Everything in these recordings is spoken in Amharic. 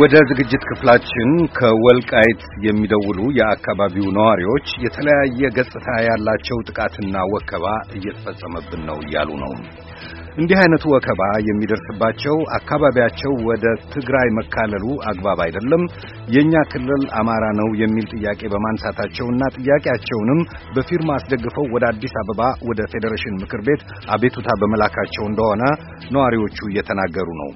ወደ ዝግጅት ክፍላችን ከወልቃይት የሚደውሉ የአካባቢው ነዋሪዎች የተለያየ ገጽታ ያላቸው ጥቃትና ወከባ እየተፈጸመብን ነው እያሉ ነው። እንዲህ አይነቱ ወከባ የሚደርስባቸው አካባቢያቸው ወደ ትግራይ መካለሉ አግባብ አይደለም፣ የኛ ክልል አማራ ነው የሚል ጥያቄ በማንሳታቸውና ጥያቄያቸውንም በፊርማ አስደግፈው ወደ አዲስ አበባ ወደ ፌዴሬሽን ምክር ቤት አቤቱታ በመላካቸው እንደሆነ ነዋሪዎቹ እየተናገሩ ነው።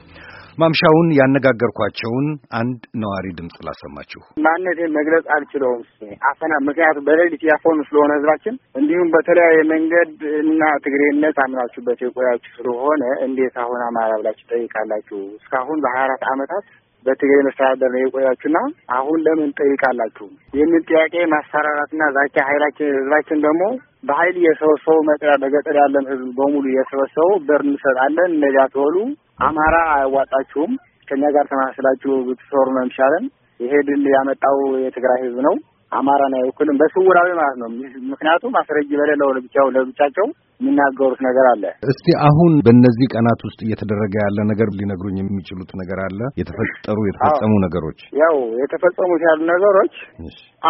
ማምሻውን ያነጋገርኳቸውን አንድ ነዋሪ ድምፅ ላሰማችሁ። ማንነቴን መግለጽ አልችለውም። አፈና ምክንያቱ በሌሊት ያፈኑ ስለሆነ ህዝባችን፣ እንዲሁም በተለያየ መንገድ እና ትግሬነት አምናችሁበት የቆያችሁ ስለሆነ እንዴት አሁን አማራ ብላችሁ ጠይቃላችሁ? እስካሁን በሀያ አራት አመታት በትግሬ መስተዳደር ነው የቆያችሁና አሁን ለምን ጠይቃላችሁ የሚል ጥያቄ ማስፈራራትና ዛቻ ኃይላችን ህዝባችን ደግሞ በኃይል የሰበሰቡ መጠያ በገጠር ያለን ህዝብ በሙሉ የሰበሰቡ ብር እንሰጣለን እነዚያ ትበሉ አማራ አያዋጣችሁም፣ ከእኛ ጋር ተማስላችሁ ብትሰሩ ነው የሚሻለን። ይሄ ድል ያመጣው የትግራይ ህዝብ ነው፣ አማራን አይወክልም፣ በስውራዊ ማለት ነው። ምክንያቱም አስረጅ በሌለው ለብቻው ለብቻቸው የሚናገሩት ነገር አለ። እስቲ አሁን በእነዚህ ቀናት ውስጥ እየተደረገ ያለ ነገር ሊነግሩኝ የሚችሉት ነገር አለ? የተፈጠሩ የተፈጸሙ ነገሮች ያው የተፈጸሙት ያሉ ነገሮች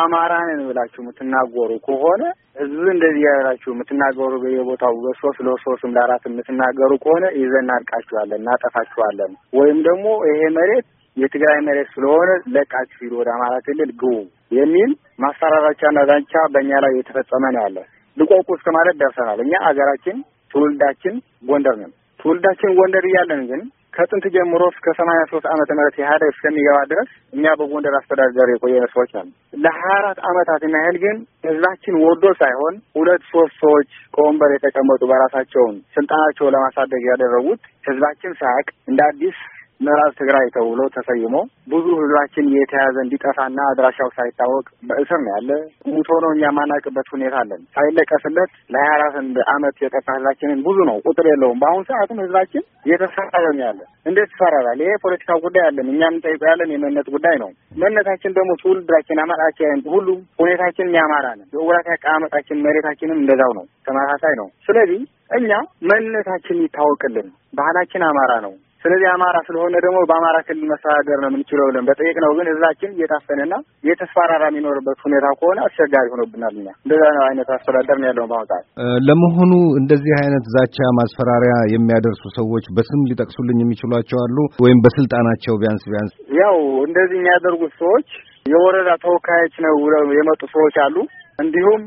አማራ ነን ብላችሁ የምትናገሩ ከሆነ ህዝብ እንደዚህ ያላችሁ የምትናገሩ በየቦታው በሶስት ለሶስትም ለአራትም የምትናገሩ ከሆነ ይዘን እናርቃችኋለን፣ እናጠፋችኋለን ወይም ደግሞ ይሄ መሬት የትግራይ መሬት ስለሆነ ለቃችሁ ሂዱ፣ ወደ አማራ ክልል ግቡ የሚል ማስፈራራቻና ዛቻ በእኛ ላይ የተፈጸመ ነው ያለ ልቆቁ እስከ ማለት ደርሰናል። እኛ አገራችን ትውልዳችን ጎንደር ነው። ትውልዳችን ጎንደር እያለን ግን ከጥንት ጀምሮ እስከ ሰማንያ ሶስት ዓመተ ምህረት ኢህአዴግ እስከሚገባ ድረስ እኛ በጎንደር አስተዳደር የቆየ ሰዎች አሉ። ለሀያ አራት ዓመታት የሚያህል ግን ህዝባችን ወዶ ሳይሆን ሁለት ሶስት ሰዎች ከወንበር የተቀመጡ በራሳቸውን ስልጣናቸው ለማሳደግ ያደረጉት ህዝባችን ሳያቅ እንደ አዲስ ምዕራብ ትግራይ ተብሎ ተሰይሞ ብዙ ህዝባችን የተያዘ እንዲጠፋና አድራሻው ሳይታወቅ በእስር ነው ያለ። ሙት ሆኖ እኛ ማናቅበት ሁኔታ አለን። ሳይለቀስለት ለሀያ አራት አመት የጠፋ ህዝባችንን ብዙ ነው፣ ቁጥር የለውም። በአሁኑ ሰዓትም ህዝባችን እየተፈራረ ነው ያለ። እንዴት ይፈራራል? ይሄ የፖለቲካ ጉዳይ አለን። እኛ የምንጠይቀው ያለን የመነት ጉዳይ ነው። መነታችን ደግሞ ትውልዳችን፣ አማራችን፣ ሁሉ ሁኔታችን የሚያማራ ነን። የወራት አቀማመጣችን መሬታችንም እንደዛው ነው፣ ተመሳሳይ ነው። ስለዚህ እኛ መነታችን ይታወቅልን። ባህላችን አማራ ነው። ስለዚህ አማራ ስለሆነ ደግሞ በአማራ ክልል መስተዳደር ነው የምንችለው ብለን ነው ግን ህዝባችን እየታፈነና እየተስፈራራ የሚኖርበት ሁኔታ ከሆነ አስቸጋሪ ሆኖብናል። እኛ እንደዛ ነው አይነት አስተዳደር ነው ያለው በአሁኑ ሰዓት። ለመሆኑ እንደዚህ አይነት ዛቻ፣ ማስፈራሪያ የሚያደርሱ ሰዎች በስም ሊጠቅሱልኝ የሚችሏቸው አሉ ወይም በስልጣናቸው ቢያንስ ቢያንስ ያው እንደዚህ የሚያደርጉት ሰዎች የወረዳ ተወካዮች ነው ብለው የመጡ ሰዎች አሉ። እንዲሁም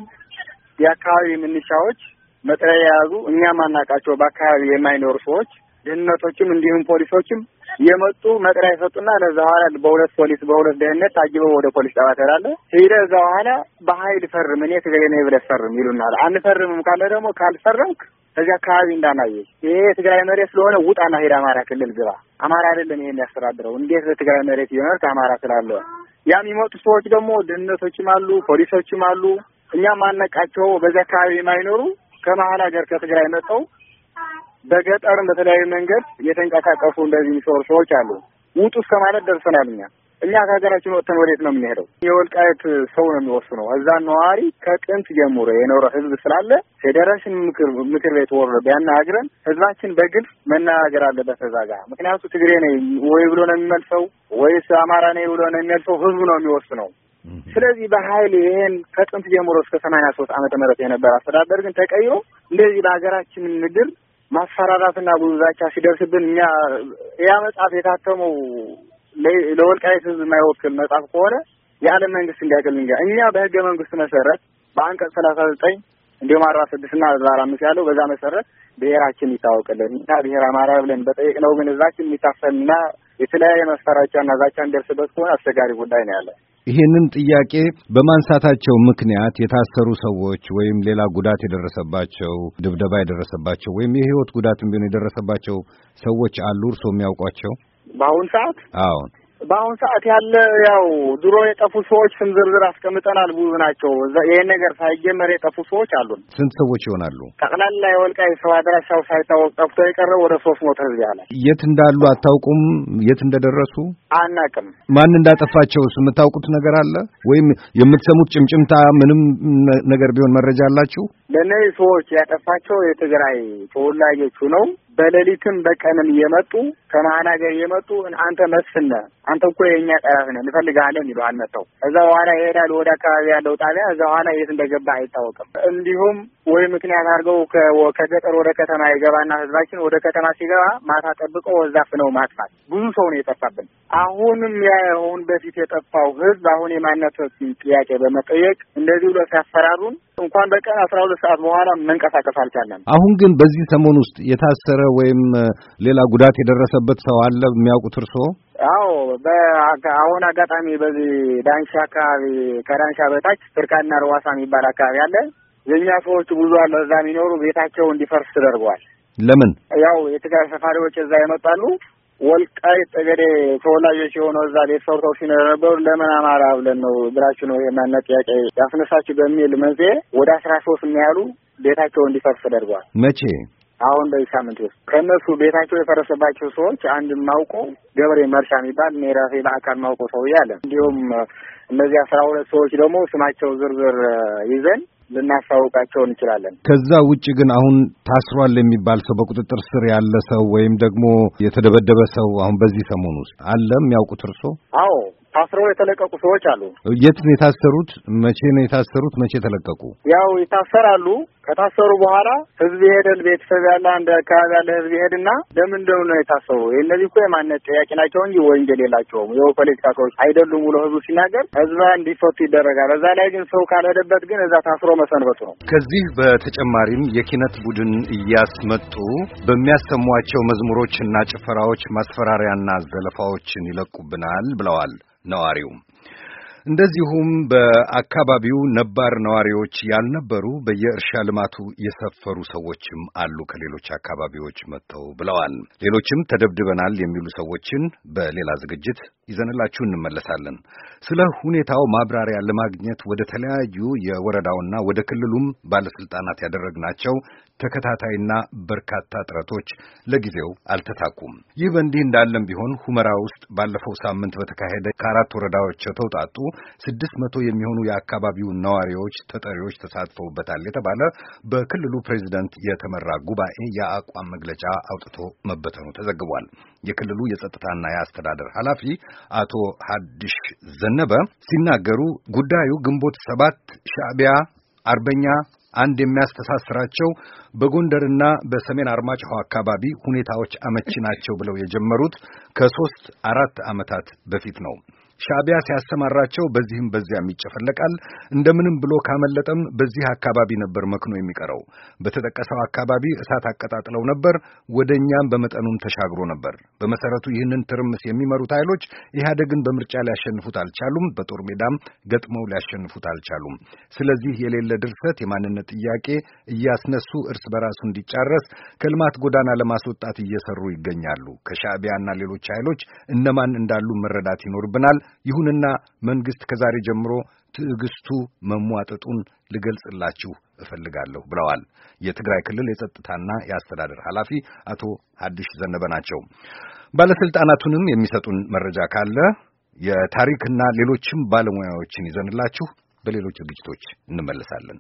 የአካባቢ ምንሻዎች መጥሪያ የያዙ እኛ ማናቃቸው በአካባቢ የማይኖሩ ሰዎች ደህንነቶችም እንዲሁም ፖሊሶችም የመጡ መጥሪያ የሰጡና ከዛ በኋላ በሁለት ፖሊስ በሁለት ደህንነት ታጅበው ወደ ፖሊስ ጣቢያ ትሄዳለህ። ሄደህ እዛ በኋላ በሀይል ፈርም እኔ ትገሌ ነኝ ብለህ ፈርም ይሉናል። አንፈርምም ካለ ደግሞ ካልፈረምክ እዚህ አካባቢ እንዳናየ ይሄ የትግራይ መሬት ስለሆነ ውጣና ሄደ አማራ ክልል ግባ። አማራ አይደለም ይሄ የሚያስተዳድረው። እንዴት በትግራይ መሬት እየኖርክ አማራ ስላለው? ያ የሚመጡ ሰዎች ደግሞ ደህንነቶችም አሉ፣ ፖሊሶችም አሉ። እኛ ማነቃቸው በዚህ አካባቢ የማይኖሩ ከመሀል ሀገር ከትግራይ መጠው በገጠርም በተለያዩ መንገድ የተንቀሳቀሱ እንደዚህ የሚሰሩ ሰዎች አሉ። ውጡ እስከ ማለት ደርሰናል። እኛ እኛ ከሀገራችን ወጥተን ወዴት ነው የምንሄደው? የወልቃየት ሰው ነው የሚወስነው። እዛ ነዋሪ ከጥንት ጀምሮ የኖረ ህዝብ ስላለ ፌዴሬሽን ምክር ቤት ወር ቢያናግረን ህዝባችን በግልጽ መናገር አለበት እዛ ምክንያቱ ትግሬ ነ ወይ ብሎ ነው የሚመልሰው ወይስ አማራ ነ ብሎ ነው የሚመልሰው? ህዝቡ ነው የሚወስነው። ስለዚህ በኃይል ይህን ከጥንት ጀምሮ እስከ ሰማንያ ሶስት አመተ ምህረት የነበረ አስተዳደር ግን ተቀይሮ እንደዚህ በሀገራችን ምድር ማስፈራራትና ብዙ ዛቻ ሲደርስብን እኛ ያ መጽሐፍ የታተመው ለወልቃይት ሕዝብ የማይወክል መጽሐፍ ከሆነ የዓለም መንግስት እንዲያገልን እኛ በህገ መንግስት መሰረት በአንቀጽ ሰላሳ ዘጠኝ እንዲሁም አርባ ስድስት እና አርባ አምስት ያለው በዛ መሰረት ብሔራችን ይታወቅልን እና ብሔር አማራ ብለን በጠየቅነው ግን እዛችን የሚታፈንና የተለያየ መስፈራቻ እና ዛቻ እንደርስበት ከሆነ አስቸጋሪ ጉዳይ ነው ያለ። ይህንን ጥያቄ በማንሳታቸው ምክንያት የታሰሩ ሰዎች ወይም ሌላ ጉዳት የደረሰባቸው ድብደባ የደረሰባቸው ወይም የህይወት ጉዳትም ቢሆን የደረሰባቸው ሰዎች አሉ እርስዎ የሚያውቋቸው በአሁን ሰዓት? አዎን፣ በአሁን ሰዓት ያለ ያው ድሮ የጠፉ ሰዎች ስም ዝርዝር አስቀምጠናል። ብዙ ናቸው። ይህን ነገር ሳይጀመር የጠፉ ሰዎች አሉን። ስንት ሰዎች ይሆናሉ? ጠቅላላ የወልቃይ ሰው አድራሻው ሳይታወቅ ጠፍቶ የቀረው ወደ ሶስት መቶ ህዝብ ያለ። የት እንዳሉ አታውቁም? የት እንደደረሱ አናቅም። ማን እንዳጠፋቸውስ የምታውቁት ነገር አለ ወይም የምትሰሙት ጭምጭምታ ምንም ነገር ቢሆን መረጃ አላችሁ? ለእነዚህ ሰዎች ያጠፋቸው የትግራይ ተወላጆቹ ነው። በሌሊትም በቀንም እየመጡ ከመሀል ሀገር እየመጡ አንተ መስፍን ነህ፣ አንተ እኮ የእኛ ጠላት ነህ፣ እንፈልግሃለን ይሉሃል። መጥተው እዛ በኋላ ይሄዳል ወደ አካባቢ ያለው ጣቢያ። እዛ በኋላ የት እንደገባ አይታወቅም። እንዲሁም ወይ ምክንያት አድርገው ከገጠር ወደ ከተማ ይገባና ህዝባችን ወደ ከተማ ሲገባ ማታ ጠብቀው እዛ ፍነው ማጥፋት። ብዙ ሰው ነው የጠፋብን። አሁንም ያሁን በፊት የጠፋው ህዝብ አሁን የማንነት ጥያቄ በመጠየቅ እንደዚህ ብሎ ሲያፈራሩን እንኳን በቀን አስራ ሁለት ሰዓት በኋላ መንቀሳቀስ አልቻለም። አሁን ግን በዚህ ሰሞን ውስጥ የታሰረ ወይም ሌላ ጉዳት የደረሰበት ሰው አለ የሚያውቁት እርስዎ? አዎ፣ አሁን አጋጣሚ በዚህ ዳንሻ አካባቢ ከዳንሻ በታች ፍርቃና ርዋሳ የሚባል አካባቢ አለ። የእኛ ሰዎች ብዙ አለ እዛ የሚኖሩ ቤታቸው እንዲፈርስ ተደርገዋል። ለምን? ያው የትግራይ ሰፋሪዎች እዛ ይመጣሉ ወልቃይ ጠገዴ ተወላጆች የሆነ እዛ ቤት ሰርተው ሲኖር ለምን አማራ ብለን ነው ብላችሁ ነው የማንነት ጥያቄ ያስነሳችሁ በሚል መንስኤ ወደ አስራ ሶስት የሚያሉ ቤታቸው እንዲፈርስ ተደርጓል። መቼ? አሁን በዚህ ሳምንት ውስጥ ከእነሱ ቤታቸው የፈረሰባቸው ሰዎች አንድ ማውቆ ገብሬ መርሻ የሚባል እኔ ራሴ በአካል ማውቀው ሰውዬ አለ። እንዲሁም እነዚህ አስራ ሁለት ሰዎች ደግሞ ስማቸው ዝርዝር ይዘን ልናስታውቃቸው እንችላለን። ከዛ ውጭ ግን አሁን ታስሯል የሚባል ሰው በቁጥጥር ስር ያለ ሰው ወይም ደግሞ የተደበደበ ሰው አሁን በዚህ ሰሞን ውስጥ አለ የሚያውቁት እርሶ? አዎ ታስረው የተለቀቁ ሰዎች አሉ። የት ነው የታሰሩት? መቼ ነው የታሰሩት? መቼ ተለቀቁ? ያው ይታሰራሉ ከታሰሩ በኋላ ህዝብ ይሄዳል። ቤተሰብ ያለ አንድ አካባቢ ያለ ህዝብ ይሄድና ለምን እንደሆነ ነው የታሰሩ እነዚህ እኮ የማንነት ጥያቄ ናቸው እንጂ ወንጀል የላቸውም የው ፖለቲካ ሰዎች አይደሉም ብሎ ህዝቡ ሲናገር ህዝብ እንዲፈቱ ይደረጋል። እዛ ላይ ግን ሰው ካልሄደበት ግን እዛ ታስሮ መሰንበቱ ነው። ከዚህ በተጨማሪም የኪነት ቡድን እያስመጡ በሚያሰሟቸው መዝሙሮችና ጭፈራዎች ማስፈራሪያና ዘለፋዎችን ይለቁብናል ብለዋል ነዋሪውም እንደዚሁም በአካባቢው ነባር ነዋሪዎች ያልነበሩ በየእርሻ ልማቱ የሰፈሩ ሰዎችም አሉ ከሌሎች አካባቢዎች መጥተው ብለዋል። ሌሎችም ተደብድበናል የሚሉ ሰዎችን በሌላ ዝግጅት ይዘንላችሁ እንመለሳለን። ስለ ሁኔታው ማብራሪያ ለማግኘት ወደ ተለያዩ የወረዳውና ወደ ክልሉም ባለስልጣናት ያደረግናቸው ተከታታይና በርካታ ጥረቶች ለጊዜው አልተሳኩም። ይህ በእንዲህ እንዳለም ቢሆን ሁመራ ውስጥ ባለፈው ሳምንት በተካሄደ ከአራት ወረዳዎች የተውጣጡ ስድስት መቶ የሚሆኑ የአካባቢው ነዋሪዎች ተጠሪዎች ተሳትፈውበታል የተባለ በክልሉ ፕሬዚደንት የተመራ ጉባኤ የአቋም መግለጫ አውጥቶ መበተኑ ተዘግቧል። የክልሉ የጸጥታና የአስተዳደር ኃላፊ አቶ ሀዲሽ ዘነበ ሲናገሩ ጉዳዩ ግንቦት ሰባት ሻዕቢያ አርበኛ አንድ የሚያስተሳስራቸው በጎንደርና በሰሜን አርማጭሆ አካባቢ ሁኔታዎች አመቺ ናቸው ብለው የጀመሩት ከሶስት አራት ዓመታት በፊት ነው። ሻዕቢያ ሲያሰማራቸው በዚህም በዚያም ይጨፈለቃል። እንደምንም ብሎ ካመለጠም በዚህ አካባቢ ነበር መክኖ የሚቀረው። በተጠቀሰው አካባቢ እሳት አቀጣጥለው ነበር፣ ወደ እኛም በመጠኑም ተሻግሮ ነበር። በመሰረቱ ይህንን ትርምስ የሚመሩት ኃይሎች ኢህአደግን በምርጫ ሊያሸንፉት አልቻሉም። በጦር ሜዳም ገጥመው ሊያሸንፉት አልቻሉም። ስለዚህ የሌለ ድርሰት የማንነት ጥያቄ እያስነሱ እርስ በራሱ እንዲጫረስ ከልማት ጎዳና ለማስወጣት እየሰሩ ይገኛሉ። ከሻዕቢያና ሌሎች ኃይሎች እነማን እንዳሉ መረዳት ይኖርብናል። ይሁንና መንግስት ከዛሬ ጀምሮ ትዕግስቱ መሟጠጡን ልገልጽላችሁ እፈልጋለሁ ብለዋል። የትግራይ ክልል የጸጥታና የአስተዳደር ኃላፊ አቶ ሀዲሽ ዘነበ ናቸው። ባለስልጣናቱንም የሚሰጡን መረጃ ካለ የታሪክና ሌሎችም ባለሙያዎችን ይዘንላችሁ በሌሎች ዝግጅቶች እንመለሳለን።